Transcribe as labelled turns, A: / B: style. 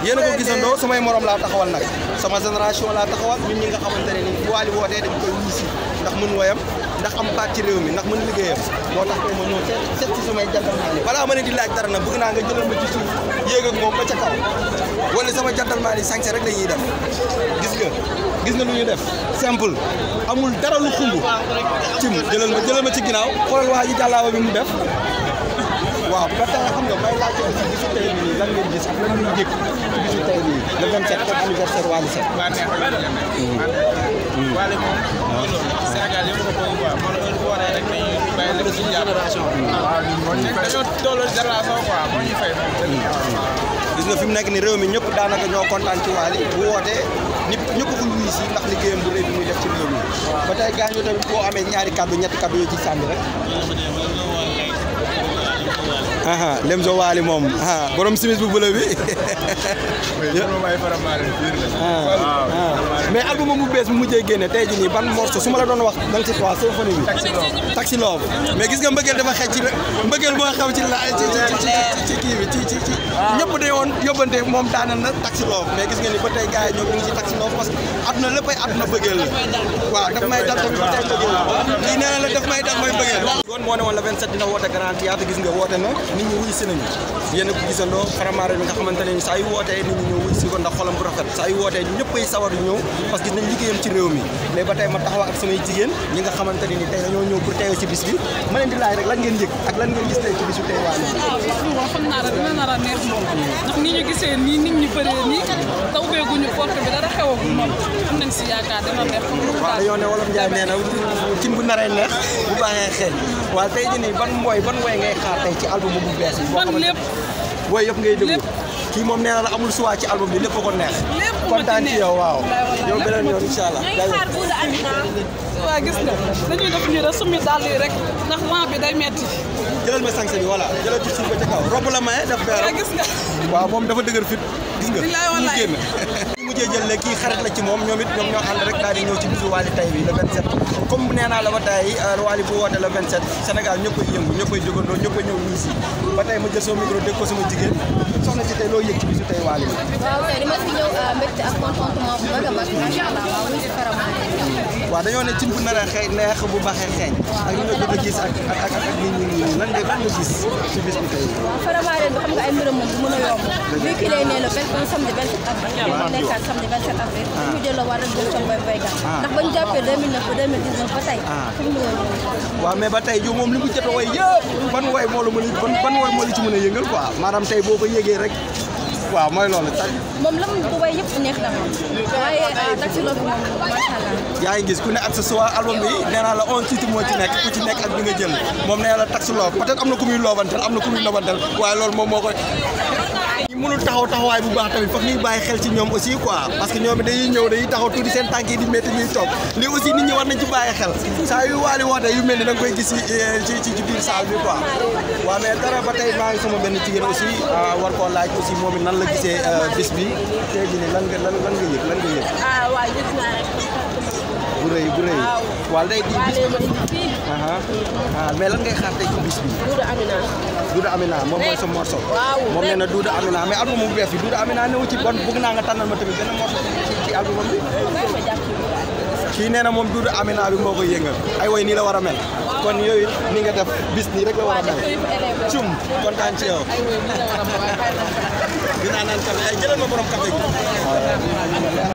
A: yéen a ko gisandoo samay morom laa taxawal nag sama génération laa taxawal ñun ñi nga xamante ne nii bu waali wootee dañ koy wuusi ndax mën woyam ndax am baat ci réew mi ndax mën liggéeyam moo tax tey ma ñëw seet seet si samay jantal maali balaa ma ne di laaj dara nag bëgg naa nga jëlal ma ci suuf yéeg ak moom ba ca kaw wala sama jantal maali sañse rek la ñuy def gis nga gis nga lu ñu def simple amul dara lu xumb cim jëlal ma jëlal ma ci ginnaaw xoolal waa ji jàllaaba waaw ba tey xam nga may laajte aussi bisu tey bii lan ngeen gis ak lan ngeen yëg bisu tey bii le 27 comme anniversaire Wally Seck. waa neex na la mel. Wally moom. waaw ni réew mi ñëpp daanaka ñoo kontaan ci Wally bu wootee nit ñëpp ko wuyu si ndax liggéeyam bu rëy bi muy def ci réew mi ba tey gaañu tamit boo amee ñaari kàddu ñetti kàddu yoo ci sànni rek aha lem zo wali mom aha borom simis bu bleu bi mais album mu bes mu mujjé génné tay ji ni ban morceau suma la doon wax dang ci trois symphonie bi taxi love mais gis nga mbeugel dafa xej ci mbeugel bo xaw ci la ci ci ci ki bi ci ci ci ñepp day won yobante mom daanal na taxi love mais gis nga ni ba tay gaay ñoo ngi ci taxi love parce que aduna leppay aduna beugel la waaw daf may dal tamit tay beugel li neena la daf may dal moy beugel kon moo ne woon la 27 dina woote Grand Théâtre gis nga woote na nit ñi wuy si nañu yéen ko gisandoo xaramaare bi nga xamante ne saa yu wootee nit ñi ñëw wuy si ko ndax que gis nañ liggéeyam ci réew mi mais ñi nga xamante ne ni tey dañoo ñëw pour teew ci bis bi ma leen di laaj rek lan ngeen yëg ak lan ah, a neex moom ñu gisee nii nit ñi bëree nii taw beeguñu porte bi dara xewagul moom am nañ si yaakaar dina neex waaw dañoo ne wolof njaay nee na cin bu naree neex bu baaxee xeeñ waaw tey jii nii ban mbooy ban mbooy ngay xaar tey ci album bu bees bi. man lépp booy yëpp ngay déglu. kii moom nee la amul choix ci album bi lépp ko neex. lépp ma kontaan yow waaw. yow beneen yoon incha allah. Ah. waaw gis nga dañuy def nii rek sumi dàll yi rek ndax mois bi day metti jëlal ma sanction bi voilà jëlal ci suuf ba ca kaw rob la maye waaw gis moom dafa dëgër fit gis nga. li lay mujjee jël ne kii xarit la ci moom ñoom it ñoom ñoo ànd rek daal di ñëw ci bisu Wally tay bi le 27 comme nee la ba tay euh, bu woote le 27 Sénégal ñëpp yëngu ñëpp koy jógandoo ñëpp ñëw ñii si ba tay ma jël sama micro dégg ko sama jigéen soxna si tey loo yëg ci bisu tay Wally bi waaw tey dama fi ñëw euh, mbégte ak contentement bu mag a mag macha allah waaw waaw dañoo ne cin bu nar neex bu baaxee xeeñ ak li nga jot a gis ak ak ak ak nit ñi nii lan nga nga gis ci bis bi tey. waaw bi xam nga ay mbiram moom du mën a yomb. dëgg la ne le vingt ah. ñu delloo war rek jël bay baykat. Ah. ndax ba ñu jàppee 2009 ba 2019 ba tey. Ah. fi ba tey jo moom li mu jot a woy yëpp ban woy moo la mën a ban ban woy moo ci mën a yëngal quoi maanaam tey boo ko yéegee rek waaw mooy loolu tax moom lam ko way yëpp neex na ma waaye taxi love moom macha allah yaa ngi gis ku ne ak sa soir album bi nee naa la on titre moo ci nekk ku ci nekk ak bi nga jël moom nee la taxi love peut être am na ku muy loobantel am na ku muy nobantel waaye loolu moom moo koy mënul taxaw taxawaay bu baax tamit foog ñuy bàyyi xel ci ñoom aussi quoi parce que ñoom dañuy ñëw dañuy taxaw tuuti seen tànk di métti ñuy toog lii aussi nit ñi war nañ ci bàyyi xel saa yu waali woote yu mel da nga gis eh, ci ci ci biir salle bi quoi waaw mais dara ba tey maa ngi sama benn jigéen aussi ah, war koo laaj aussi moom nan la gisee euh, bis bi tey jii nii lan nga lan lan nga yëg lan nga yëg. Ah, bu rëy bu rëy. waaw day di bis bi. Ah, mais lan ngay xaar tey ci bis bi. Duda Amina. Duda Amina moom mooy sa morso. waaw moom nee na Duda Amina mais album bu bees naa Duda Amina newu ci bon bëgg naa nga tànnal ma tamit benn morso ci ci album bi. kii nee na moom ame Amina bi moo koy yëngal ay way nii la war a mel kon yooyu ni nga def bis nii rek la war a mel cum kontaan ci yow dinaa naan café ay jëlal ma borom café gi